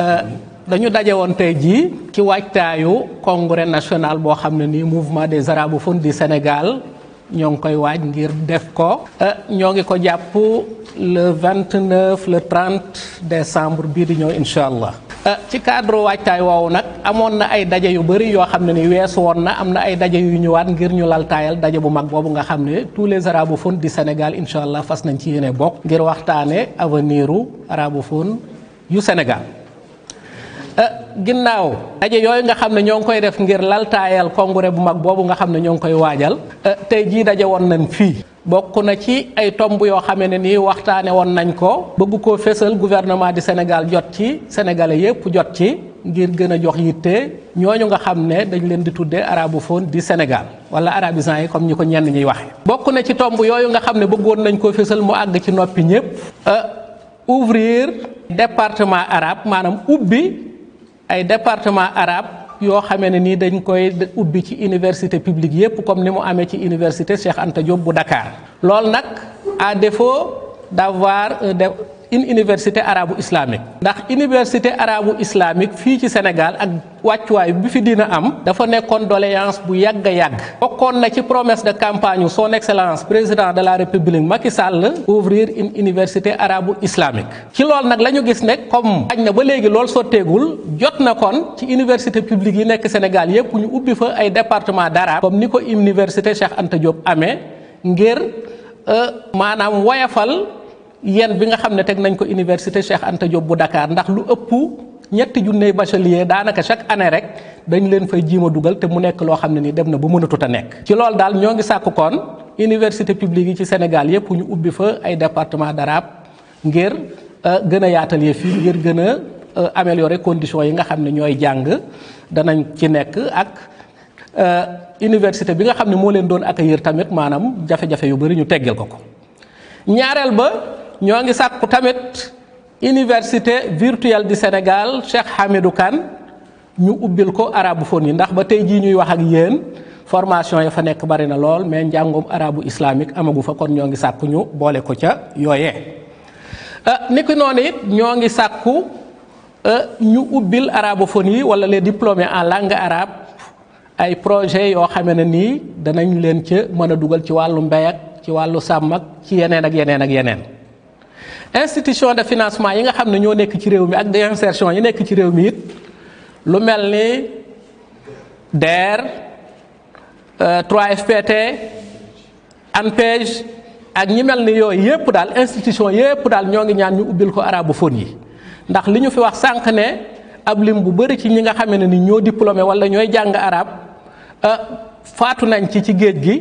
Euh, dañu daje woon tey jii ci waajtaayu congrès national boo xam ne nii mouvement des arabophones du Sénégal ñoo ngi koy waaj ngir def ko. Euh, ñoo ngi ko jàpp le 29 le 30 décembre bii di ñëw incha allah. Euh, ci cadre waajtaay woowu nag amoon na ay daje yu bëri yoo xam ne ni weesu woon na am na ay daje yu ñëwaat ngir ñu laltaayal daje bu mag boobu nga xam ne tous les arabophones du Sénégal incha allah fas nañ ci yéene bokk. ngir waxtaane aveniru arabophone yu Sénégal. Eh, ginnaaw aje yooyu nga xam ne ñoo ngi koy def ngir laltaayal congrès bu mag boobu nga xam ne ñoo ngi koy waajal eh, tey jii daje woon nañ fii bokk na ci ay tomb yoo xamee ne nii waxtaane woon nañ ko bëgg koo fésal gouvernement di Sénégal jot ci sénégalais yépp jot ci ngir gën a jox yitte ñooñu nga xam ne dañ leen di tuddee arabophone di Sénégal wala arabisants yi comme ñi ko ñenn ñuy waxee. bokk na ci tomb yooyu nga xam ne bëggoon nañ koo fésal mu àgg ci noppi ñépp eh, ouvrir département arabe maanaam ubbi. ay département arabe yoo xamee ne nii dañ koy ubbi ci université publique yépp comme ni mu amee ci université Cheikh Anta Diop bu Dakar loolu nag à défaut d'avoir une université arabo-islamique ndax université arabo-islamique fii ci Sénégal ak wàccuwaay bi fi dina am dafa nekkoon doléance bu yàgg a yàgg bokkoon na ci promesse de campagne son excellence président de la république Macky Sall ouvrir une université arabo-islamique ci lool nag la ñu gis ne comme xaj na ba léegi loolu sotteegul jot na kon ci université publique yi nekk Sénégal yépp ñu ubbi fa ay département d'arabe comme ni ko université Cheikh Anta Diop amee ngir euh, maanaam yéen bi nga xam ne teg nañ ko université Cheikh Anta bu Dakar ndax lu ëpp ñetti junney bachelier daanaka chaque année rek dañ leen fay jiima dugal te mu nekk loo xam ne ni dem na ba mënatut a nekk. ci loolu daal ñoo ngi sàkk koon université publique yi ci senegal yépp ñu ubbi fa ay département d'arabe ngir euh, gën a yaatal yëf yi ngir gën a euh, améliorer conditions yi nga xam ne ñooy jàng danañ ci nekk ak iniversité euh, bi nga xam ne moo leen doon accueillir tamit maanaam jafe yu bari ñu teggal ko ko ñoo ngi sàkku tamit université virtuelle du sénégal cheikh hamidou kan ñu ubbil ko yi ndax ba tey jii ñuy wax ak yéen formation ya fa nekk bari na lool mais njàngum arabu islamique amagu fa kon ñoo ngi sàkku ñu boole ko ca yooyee ah, ni ko noonu it ñoo ngi sàkku ah, ñu ubbil yi wala les diplômés en langue arabe ay projet yoo xamee ne nii danañ leen ca mën a ci wàllu ci wàllu sàmm ci yeneen ak yeneen ak yeneen institution de financement yi nga xam ne ñoo nekk ci réew mi ak de insertion yi nekk ci réew mi it lu mel ni DER 3FPT euh, ANPEJ ak ñi mel ni yooyu yépp daal institution yépp daal ñoo ngi ñaan ñu ubbil ko arabophone yi ndax li ñu fi wax sànq ne ab lim bu bëri ci ñi nga xam ni ñoo diplômé wala ñooy jàng arab euh, faatu nañ ci ci géej gi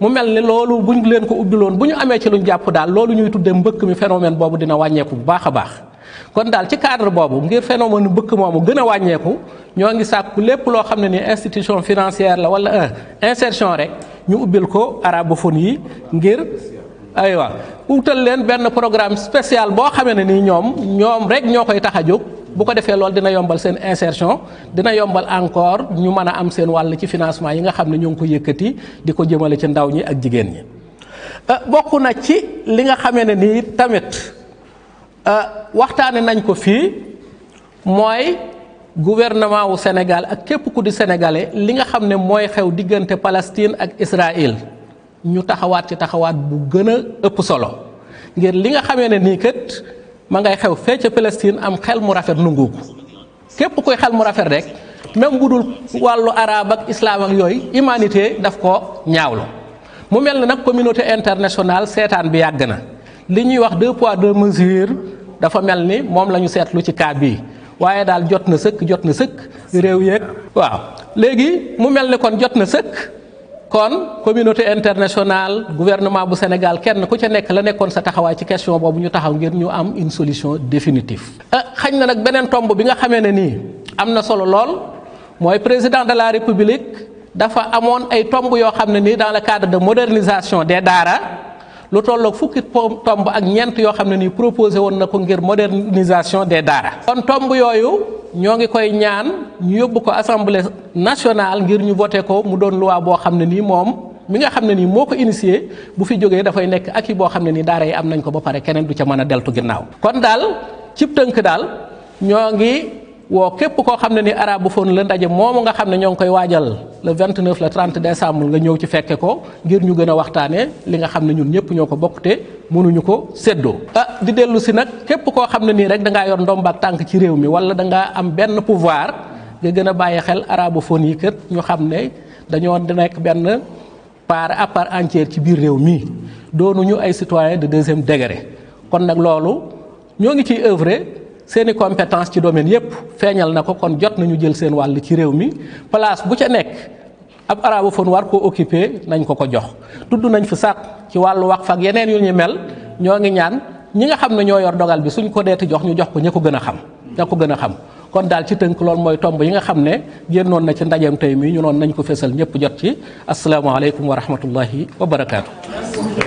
mu mel ne loolu buñ leen ko ubbiloon bu ñu amee ci lu ñu jàpp daal loolu ñuy tuddee mbëkk mi phénomène boobu dina wàññeeku bu baax a baax kon daal ci cadre boobu ngir phénomène mbëkk moomu gën a wàññeeku ñoo ngi sàkku lépp loo xam ne ni institution financière la wala un euh, insertion rek ñu ubbil ko arabophone yi ngir aywa utal leen benn programme spécial boo xamee ne ni ñoom ñoom rek ñoo koy tax a jóg bu ko defee loolu dina yombal seen insertion dina yombal encore ñu mën a am seen wàll ci financement yi nga xam ne ñu ko yëkkati di ko jëmale ci ndaw ñi ak jigéen ñi. Euh, bokk na ci li nga xamee ne nii tamit euh, waxtaane nañ ko fii mooy gouvernement wu Sénégal ak képp ku di sénégalais li nga xam ne mooy xew diggante Palestine ak Israël ñu taxawaat ci taxawaat bu gën a ëpp solo ngir li nga xamee ne nii kat. ma ngay xew fee ca Palestine am xel mu rafet nungu ko képp kuy xel mu rafet rek même bu dul wàllu arabe ak islaam ak yooyu humanité daf ko ñaawlu mu mel ni nag communauté internationale seetaan bi yàgg na li ñuy wax deux poids deux mesures dafa mel ni moom la ñu seetlu ci cas bii waaye daal jot na sëkk jot na sëkk réew yeeg waaw léegi mu mel ni kon jot na sëkk. kon communauté internationale gouvernement bu Sénégal kenn ku ca nekk la nekkoon sa taxawaay ci question boobu ñu taxaw ngir ñu am une solution définitive. Euh, xañ na nag beneen tomb bi nga xamee ne nii am na solo lool mooy président de la république dafa amoon ay tomb yoo xam ne nii dans le cadre de modernisation des daara lu tolloog fukki tomb ak ñeent yoo xam ne nii proposé woon na ko ngir modernisation des daara. kon tomb yooyu. ñoo ngi koy ñaan ñu yóbbu ko assemblée nationale ngir ñu voté ko mu doon loi boo xam ne nii moom mi nga xam ne nii moo ko initié bu fi jógee dafay nekk ak yi boo xam ne nii daara yi am nañ ko ba pare keneen du ca mën a deltu ginnaaw kon daal cib tënk daal ñoo ngi woo képp koo xam ne ni arabophone la ndaje moomu nga xam ne ñoo ngi koy waajal le 29 le 30 décembre nga ñëw ci fekke ko ngir ñu gën a waxtaanee li nga xam ne ñun ñëpp ñoo ko bokk te mënuñu ko séddoo. ah di dellu si nag képp koo xam ne nii rek da ngaa yor ndomb tànk ci réew mi wala da ngaa am benn pouvoir nga gën a bàyyi xel arabophone yi kat ñu xam ne dañoo nekk benn par à part entière ci biir réew mi doonuñu ay citoyen de deuxième degré kon nag loolu ñoo ngi ciy œuvrer. seeni compétence ci domaine yépp feeñal na ko kon jot nañu jël seen wàll ci réew mi place bu ca nekk ab arabophone war koo occupé nañ ko ko jox. tudd nañ fi sax ci wàllu wax ak yeneen yu ñu mel ñoo ngi ñaan ñi nga xam ne ñoo yor dogal bi suñ ko deeti jox ñu jox ko ña ko gën a xam ña ko gën a xam. kon daal ci tënk loolu mooy tomb yi nga xam ne génnoon na ci ndajeem tey mii ñu noon nañ ko fesal ñëpp jot ci asalaamaaleykum wa rahmatullahi wa barakaatu.